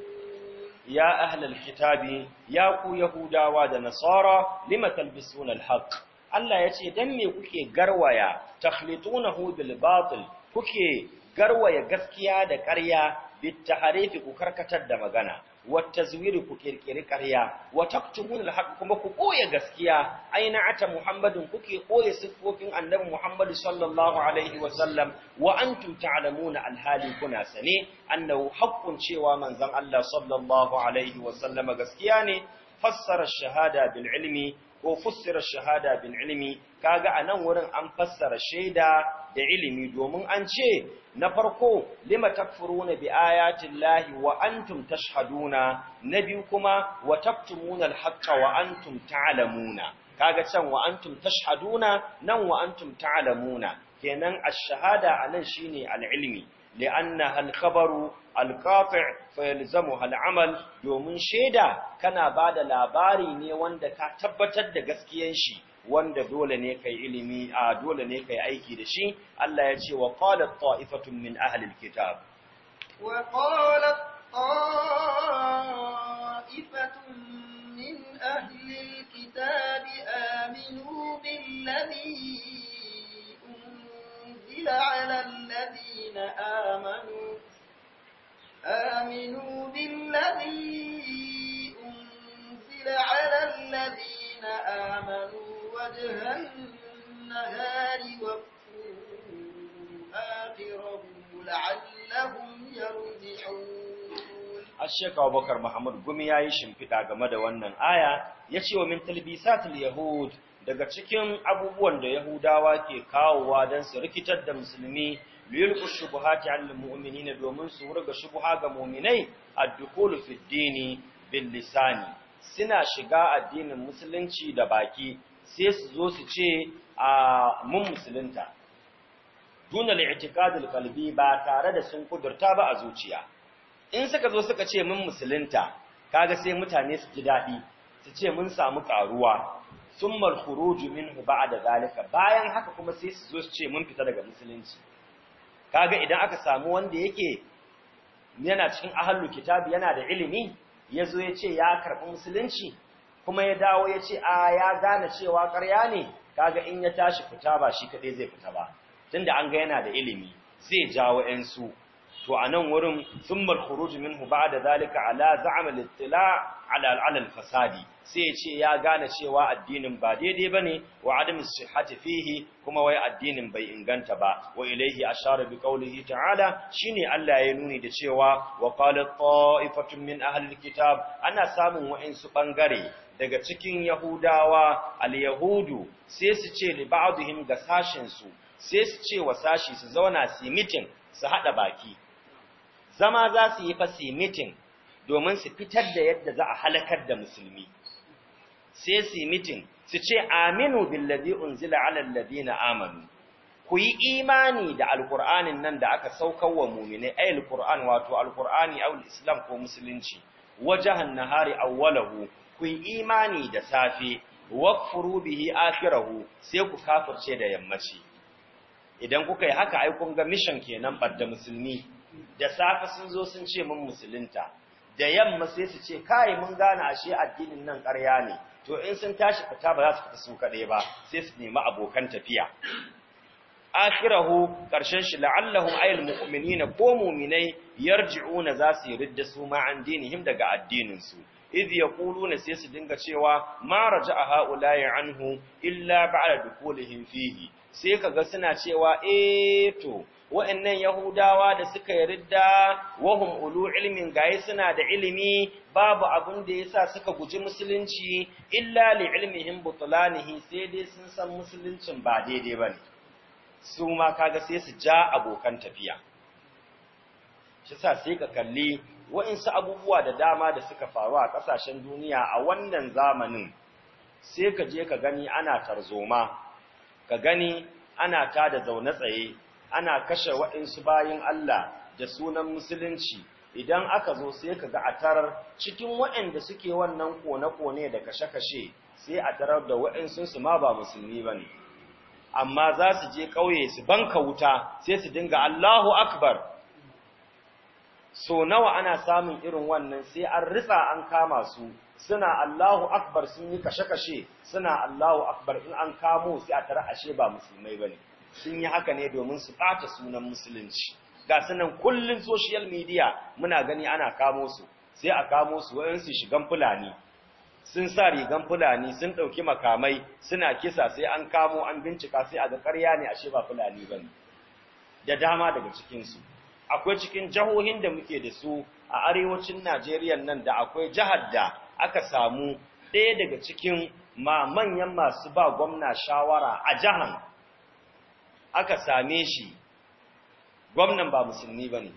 يا أهل الكتاب yahudawa da nasara lima لم تلبسون Haq. Allah ya ce, dan me kuke garwaya, takhlitunahu bil batil kuke garwaya gaskiya da ƙarya, bit ku karkatar da magana. wata zuwiri ku ƙirƙiri ƙarya wata tumun alhaƙa kuma ku ɓoye gaskiya aina ata muhammadin kuke ɓoye siffofin annabi muhammad sallallahu alaihi wa sallam wa an tuta alamuna alhali kuna sane annahu haƙƙun cewa manzon allah sallallahu alaihi wa sallama gaskiya ne Fassarar shahada bil ilmi ko fussira shahada bin ilimi kaga anan wurin an fassara shaida da ilimi domin an ce na farko lima takfuruna bi ayatin lahi wa antum tashhaduna na biyu kuma wa taktumuna alhaqqa wa antum ta'lamuna kaga can wa antum tashhaduna nan wa antum ta'lamuna kenan ash-shahada anan shine al-ilmi li'anna al-khabaru al-qati' fa al-amal domin shaida. kana ba da labari ne wanda ka tabbatar da gaskiyan shi wanda dole ne kai ilimi a dole ne aiki da shi Allah ya ce wa qalat ta'ifatun min ahli al-kitab wa qalat ta'ifatun min ahli al-kitab aminu billadhi أنزل على الذين آمنوا آمنوا بالذي أنزل على الذين آمنوا وجه النهار واكفروا آخره لعلهم يرجعون Ashek Abubakar Muhammad Gumi ya yi shimfiɗa game da wannan aya ya ce wa min daga cikin abubuwan da Yahudawa ke kawowa don su rikitar da musulmi liyulqu shubuhati alil mu'minina domin su wurga shubuha ga mu'minai ad-dukhulu fid dini bil lisani suna shiga addinin musulunci da baki sai su zo su ce a mun musulunta duna al-i'tiqad qalbi ba tare da sun kudurta ba a zuciya in suka zo suka ce mun musulunta kaga sai mutane su ji dadi su ce mun samu karuwa thumma al jumin minhu da zalika bayan haka kuma sai su zo su ce mun fita daga musulunci kaga idan aka samu wanda yake yana cikin ahlul kitabi yana da ilimi yazo ya ce ya karɓi musulunci kuma ya dawo ya ce a ya gane cewa ƙarya ne kaga in ya tashi fita ba shi kadai zai fita ba tunda an ga yana da ilimi zai jawo 'yansu. to a nan wurin summal khuruj minhu da zalika ala za'am al ala fasadi sai ya ce ya gane cewa addinin ba daidai bane wa adam sihhati fihi kuma wai addinin bai inganta ba wa ilaihi ashara bi qawlihi ta'ala shine Allah ya nuni da cewa wa qalat ta'ifatun min ahli kitab ana samun wa'insu bangare daga cikin Yahudawa al-Yahudu sai su ce li ba'dihim ga sashensu, su sai su ce wa sashi su zauna su mitin su haɗa baki zama za su yi fa mitin domin su fitar da yadda za a halakar da musulmi sai su mitin su ce aminu billazi unzila ala alladhina amanu ku yi imani da alqur'anin nan da aka saukar wa mu'mini ay alqur'an wato alqur'ani aw islam ko musulunci wajahan nahari awwalahu ku yi imani da safe wakfuru bihi akhirahu sai ku kafirce da yammaci idan kuka yi haka ai kun ga mission kenan badda musulmi da safe sun zo sun ce mun musulunta da yamma sai su ce kai mun gane ashe addinin nan ƙarya ne to in sun tashi fita ba za su fita su kaɗai ba sai su nemi abokan tafiya akhirahu karshen shi la'allahum ayyul mu'minina ko mu'minai yarji'una za su ridda su ma an dinihim daga addinin su idh yaquluna sai su dinga cewa ma raja'a ha'ula'i anhu illa ba'da dukulihim fihi sai kaga suna cewa eh to wa'annan Yahudawa da suka yarda wahum ulu ilmin gaye suna da ilimi babu abin da sa suka guji musulunci illa li ilmihim butlanihi sai dai sun san musuluncin ba daidai bane su ma kaga sai su ja abokan tafiya shi sa sai ka kalli wa'insu abubuwa da dama da suka faru a ƙasashen duniya a wannan zamanin sai ka je ka gani ana tarzoma ka gani ana tada zaune tsaye ana kashe waɗansu bayan Allah da sunan musulunci idan aka zo sai ka ga a tarar cikin waɗanda suke wannan kone-kone da kashe-kashe sai a tarar da waɗansunsu ma ba musulmi ba ne amma za su je ƙauye su banka wuta sai su dinga Allahu Akbar so nawa ana samun irin wannan sai an ritsa an kama su suna Allahu Akbar sun yi kashe-kashe suna Allahu Akbar in an kamo sai a tarar ashe ba musulmai ba ne. sun yi haka ne domin su ɓata sunan musulunci ga sunan kullum social media muna gani ana kamo su sai a kamo su wayansu shigan fulani sun sa rigan fulani sun ɗauki makamai suna kisa sai an kamo an bincika sai a ga ƙarya ne ashe ba fulani ba da dama daga cikinsu akwai cikin jahohin da muke da su a arewacin najeriya nan da akwai jihar da aka samu ɗaya daga cikin ma manyan masu ba gwamna shawara a jihar aka same shi gwamnan ba musulmi ba ne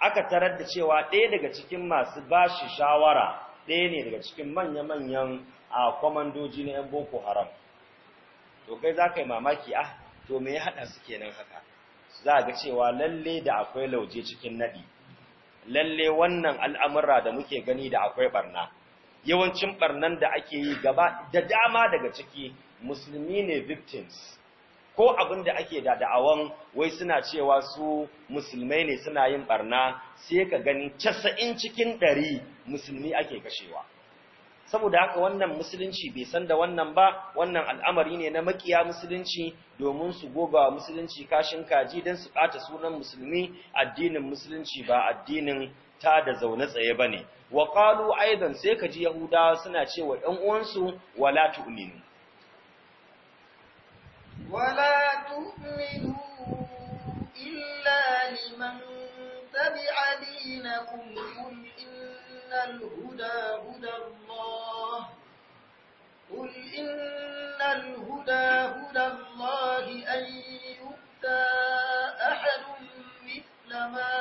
aka tarar da cewa ɗaya daga cikin masu ba shi shawara ɗaya ne daga cikin manya-manyan a kwamandoji na 'yan boko haram to kai za ka yi mamaki ah to me ya haɗa su kenan haka za ga cewa lalle da akwai lauje cikin naɗi lalle wannan al'amura da muke gani da akwai ɓarna yawancin ɓarnan da ake yi gaba da dama daga ciki musulmi ne victims ko abin da ake da da'awan wai suna cewa su musulmai ne suna yin barna sai ka gani casa'in cikin ɗari musulmi ake kashewa saboda haka wannan musulunci bai san da wannan ba wannan al'amari ne na makiya musulunci domin su goga musulunci kashin kaji don su ɓata sunan musulmi addinin musulunci ba addinin ta da zaune tsaye ba ne wa ƙalu aidan sai ka ji yahudawa suna cewa ‘yan uwansu wala tu'minu ولا تؤمنوا إلا لمن تبع دينكم قل إن الهدى هدى الله قل إن الهدى هدى الله أن يؤتى أحد مثل ما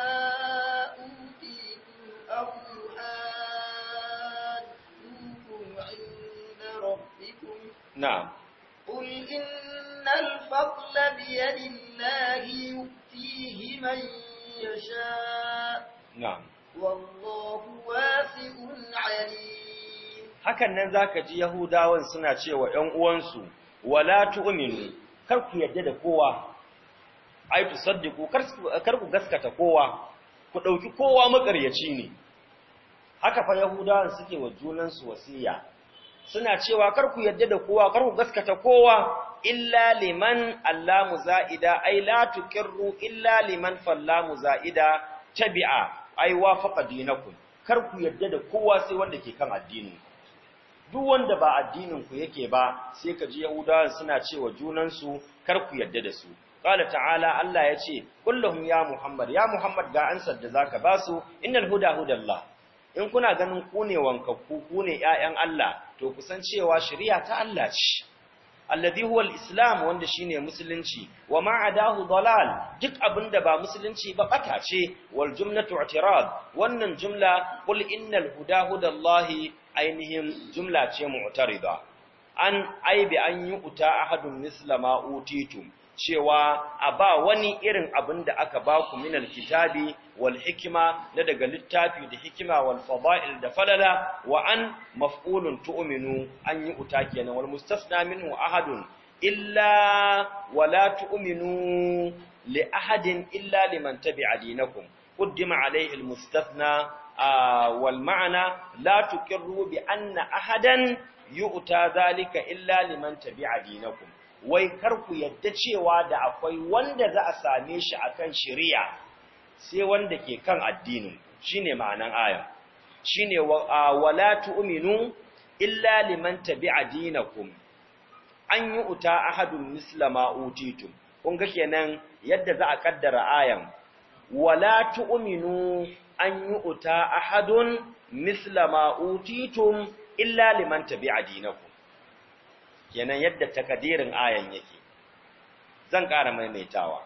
أوتيتم أو يحاجوكم عند ربكم نعم قل إن الفضل بيد الله يؤتيه من يشاء نعم والله واسع عليم hakan nan zaka ji yahudawan suna cewa 'yan uwansu wala tu'minu kar ku yadda da kowa ai tusaddiqu kar ku gaskata kowa ku ɗauki kowa maƙaryaci ne haka fa yahudawan suke wa junansu wasiya suna cewa kar ku yadda da kowa karku gaskata kowa illa liman allamu za'ida ai la tuqirru illa liman fallamu za'ida tabi'a ai wafaqa dinakum kar ku yadda da kowa sai wanda ke kan addinin duk wanda ba addinin ku yake ba sai ka ji yahudawa suna cewa junan su kar yadda da su qala ta'ala Allah yace kullum ya muhammad ya muhammad ga ansar da zaka basu innal huda hudallah in kuna ganin ku ne kune ne ƴaƴan Allah to kusan cewa shari'a ta Allah ce alladhi huwa alislam islam wanda shine musulunci wa ma adahu dalal duk abinda ba musulunci ba bata ce wal jumlatu i'tirad wannan jumla qul innal huda hudallahi ainihin jumla ce mu'tarida an aibi an yi uta ahadun mislama utitum cewa a ba wani irin abinda aka ba ku minal kitabi Walhikima na daga littafi da hikima wal fada'il da falala wa an maf'ulun tu'minu an yi kenan wal mustasna minhu ahadun illa wala tu'minu li ahadin illa liman tabi'a dinakum قدم عليه المستثنى والمعنى لا تقروا بأن أحدا يؤتى ذلك إلا لمن تبع دينكم wai kar ku yadda cewa da akwai wanda za a same shi akan shari'a sai wanda ke kan addinin shine ma'anan aya shine wala tu'minu illa liman tabi'a dinakum an yi uta ahadun mislama utitu kun ga kenan yadda za a kaddara ayan wala tu'minu an yi uta ahadun mislama utitum illa liman tabi'a dinakum kenan yadda takadirin ayan yake zan ƙara maimaitawa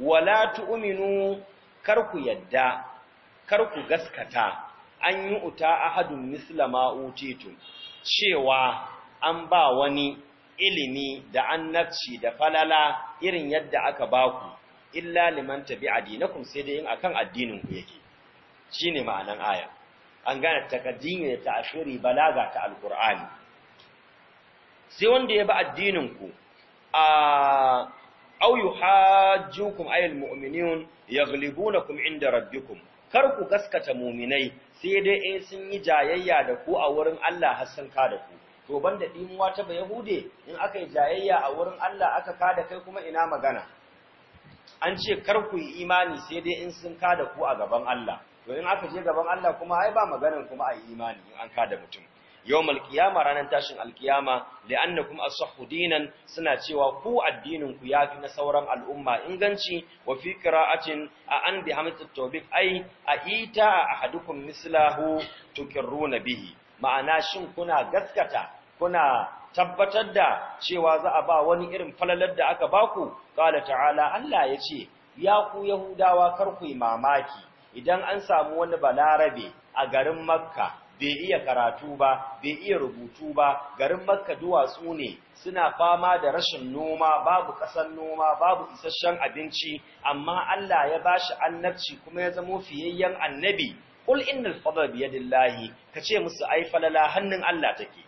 wala tu'minu karku yadda kar ku gaskata an yi uta ahadun misla ma utitum cewa an ba wani ilimi da annabci da falala irin yadda aka baku illa liman tabi adinakum sai dai in akan addinin ku yake shine ma'anan aya an gane takaddimi da ta'ashiri balaga ta alqur'ani sai wanda ya bi addinin ku a aw yuhajjukum ayil mu'minun yaghlibunakum inda rabbikum kar ku gaskata muminai sai dai in sun yi jayayya da ku a wurin Allah har sun ka da ku to banda dimuwa ta ba yahude in aka yi jayayya a wurin Allah aka ka da kai kuma ina magana an ce kar ku yi imani sai dai in sun ka da ku a gaban Allah to in aka je gaban Allah kuma ai ba maganan kuma a yi imani in an ka da mutum Yau, Malkiyama, ranar tashin alqiyama kuma asahhu dinan suna cewa ku addinin ku yafi na sauran al'umma inganci wa fi qira'atin a an bi hamdat Tobik ai a ita ahadukum mislahu na bihi ma'ana shin kuna gaskata kuna tabbatar da cewa za a ba wani irin falalar da aka baku kala ta'ala Allah ce, ya ku yahudawa kar ku yi mamaki idan an samu wani balarabe a garin makka bai iya karatu ba bai iya rubutu ba garin makka duwatsu ne suna fama da rashin noma babu ƙasan noma babu isasshen abinci amma Allah ya ba shi annabci kuma ya zamo fiyayyen annabi kul innal fadla biyadillahi kace musu ai falala hannun Allah take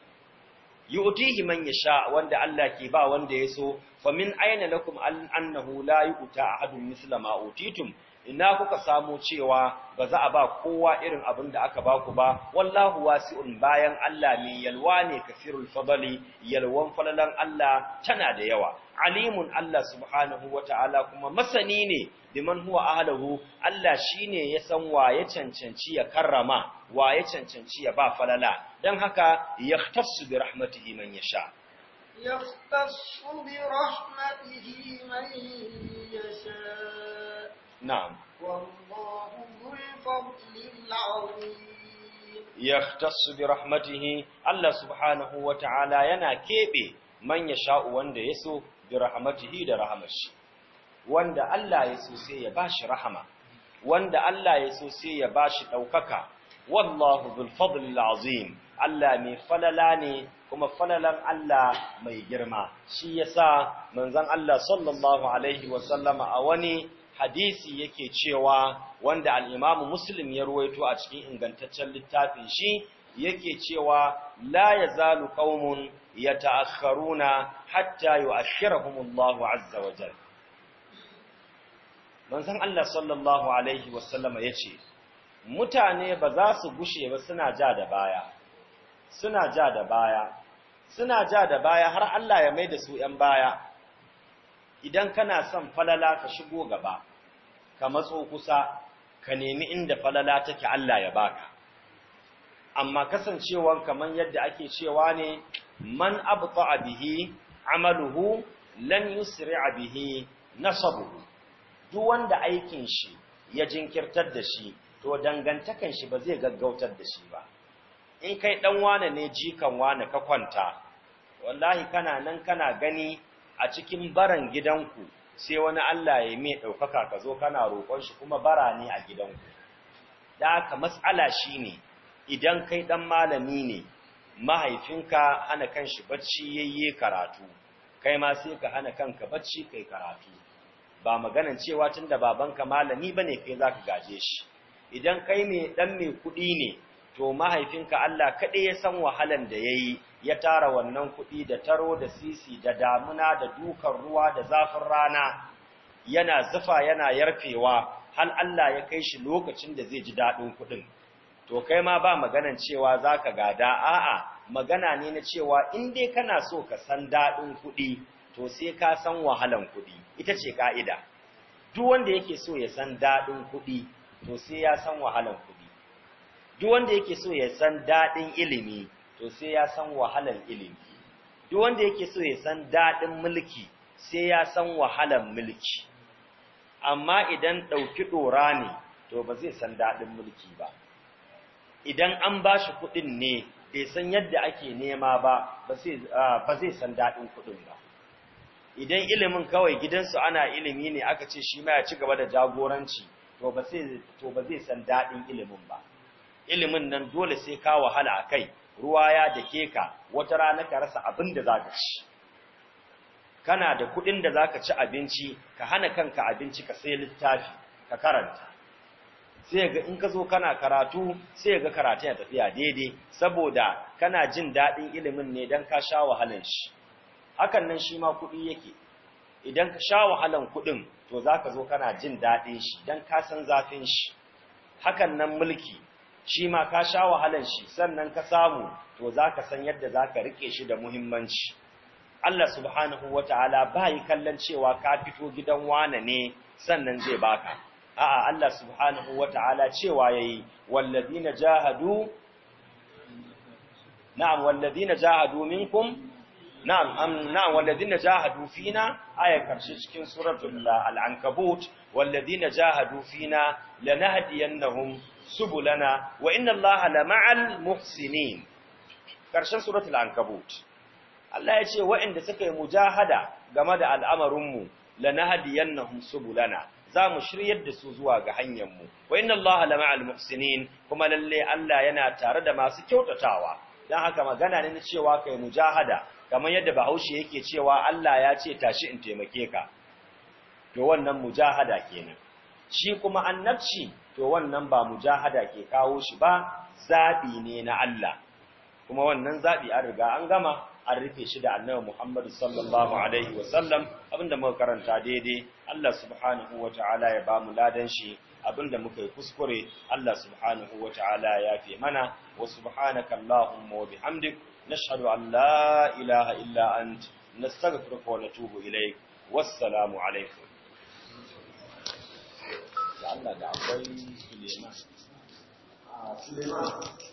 yu'tihi man yasha wanda Allah ke ba wanda ya yaso famin aina lakum annahu la yu'ta ahadun mislama utitum ina kuka samu cewa ba za a ba kowa irin abin da aka ba ku ba wallahu wasi'un bayan Allah mai yalwa ne kafirul fadali yalwan falalan Allah tana da yawa alimun Allah subhanahu ta'ala kuma masani ne liman huwa ahlahu Allah shine ya san wa ya cancanci ya karrama wa ya cancanci ya ba falala dan haka yahtassu bi rahmatihi man yasha bi rahmatihi man yasha Na'am. والله bi الفضل Allah يختص برحمته الله سبحانه وتعالى yana kebe man yasha'u wanda yaso birahmatihi da rahamashi wanda Allah yaso sai ya bashi rahama wanda Allah yaso sai ya bashi ɗaukaka, wallahu dhul fadli azim Allah mai falala ne kuma falalan Allah mai girma shi yasa manzon Allah sallallahu alaihi wasallama a wani hadisi yake cewa wanda al Muslim ya ruwaito a cikin ingantaccen littafin shi yake cewa la yazalu qaumun yata'akhkharuna hatta yu'akhkhirahumullahu azza wa jalla manzon Allah sallallahu alaihi wasallama yace mutane ba za su gushe ba suna ja da baya suna ja da baya suna ja da baya har Allah ya mai da su ‘yan baya, idan kana son falala ka shigo gaba, ka matso kusa ka nemi inda falala take Allah ya baka amma kasancewan kaman yadda ake cewa ne man abta bihi amaluhu lan yusri'a bihi nasabuhu duk wanda aikin shi ya jinkirtar da shi to dangantakan shi ba zai gaggautar da shi ba in kai dan wane ne jikan wane ka kwanta wallahi kana nan kana gani a cikin baran gidanku sai wani Allah ya mai ɗaukaka ka zo kana roƙon shi kuma bara ne a gidanku da aka matsala shi ne idan kai ɗan malami ne mahaifinka hana kan shi bacci yayye karatu kai ma sai ka hana kanka bacci kai karatu ba maganan cewa tun da babanka malami ba ne kai za ka gaje shi idan kai mai ɗan mai kuɗi ne to mahaifinka Allah kaɗai ya san wahalan da ya yi ya tara wannan kuɗi da taro da sisi da damuna da dukan ruwa da zafin rana yana zufa yana yarfewa hal Allah ya kai shi lokacin da zai ji daɗin kuɗin to kai ma ba maganan cewa za ka gada a'a magana ne na cewa in dai kana so ka san daɗin kuɗi to sai ka san wahalan kuɗi ita ce ka'ida duk wanda yake so ya san daɗin kuɗi to sai ya san wahalan kuɗi duk wanda yake so ya san daɗin ilimi to sai ya san wahalar ilimi duk wanda yake so ya san daɗin mulki sai ya san wahalar mulki amma idan ɗauki ɗora ne to ba zai san daɗin mulki ba idan an ba shi kuɗin ne bai san yadda ake nema ba ba zai san daɗin kuɗin ba idan ilimin kawai gidansu ana ilimi ne aka ce shi ma ya ci gaba da jagoranci to ba zai san daɗin ilimin ba ilimin nan dole sai ka wahala a kai ruwa ya dake ka wata rana ka rasa abin da zaka ci kana da kuɗin da zaka ci abinci ka hana kanka abinci ka sai littafi ka karanta sai ga in ka zo kana karatu sai ga karatu ya tafiya daidai saboda kana jin daɗin ilimin ne dan ka sha wahalan shi hakan nan shi ma kuɗi yake idan ka sha wahalan kuɗin to zaka zo kana jin daɗin shi dan ka san zafin shi hakan nan mulki shi ma ka sha wahalan shi sannan ka samu to za ka san yadda za ka riƙe shi da muhimmanci Allah subhanahu wataala bai kallon cewa ka fito gidan wane ne sannan zai baka a'a Allah subhanahu wataala cewa ya yi, jahadu na'am walladina jahadu minkum na'am am na'am walladina jahadu fina aya karshe cikin suratul al-ankabut walladina jahadu fina lanahdiyannahum subulana wa inna allaha la ma'al muhsinin karshen suratul ankabut Allah ya ce waɗanda suka yi mujahada game da al'amarinmu lanahdiyannahum subulana za mu shiryar da su zuwa ga hanyar mu, wa inna allaha la ma'al muhsinin kuma lalle Allah yana tare da masu kyautatawa dan haka magana ne na cewa kai mujahada kamar yadda Bahaushe yake cewa Allah ya ce tashi in taimake ka to wannan mujahada kenan shi kuma annabci to wannan ba mujahada ke kawo shi ba zabi ne na Allah kuma wannan zabi an riga an gama an rufe shi da annabi Muhammad sallallahu alaihi wasallam abinda muka karanta daidai Allah subhanahu wataala ya bamu ladan shi abinda muka yi kuskure Allah subhanahu wataala ya yafe mana wa subhanaka allahumma wa bihamdik nashhadu an la ilaha illa ant nastaghfiruka wa natubu ilaik wassalamu alaikum da Allah da akwai Suleiman. Ah, Suleiman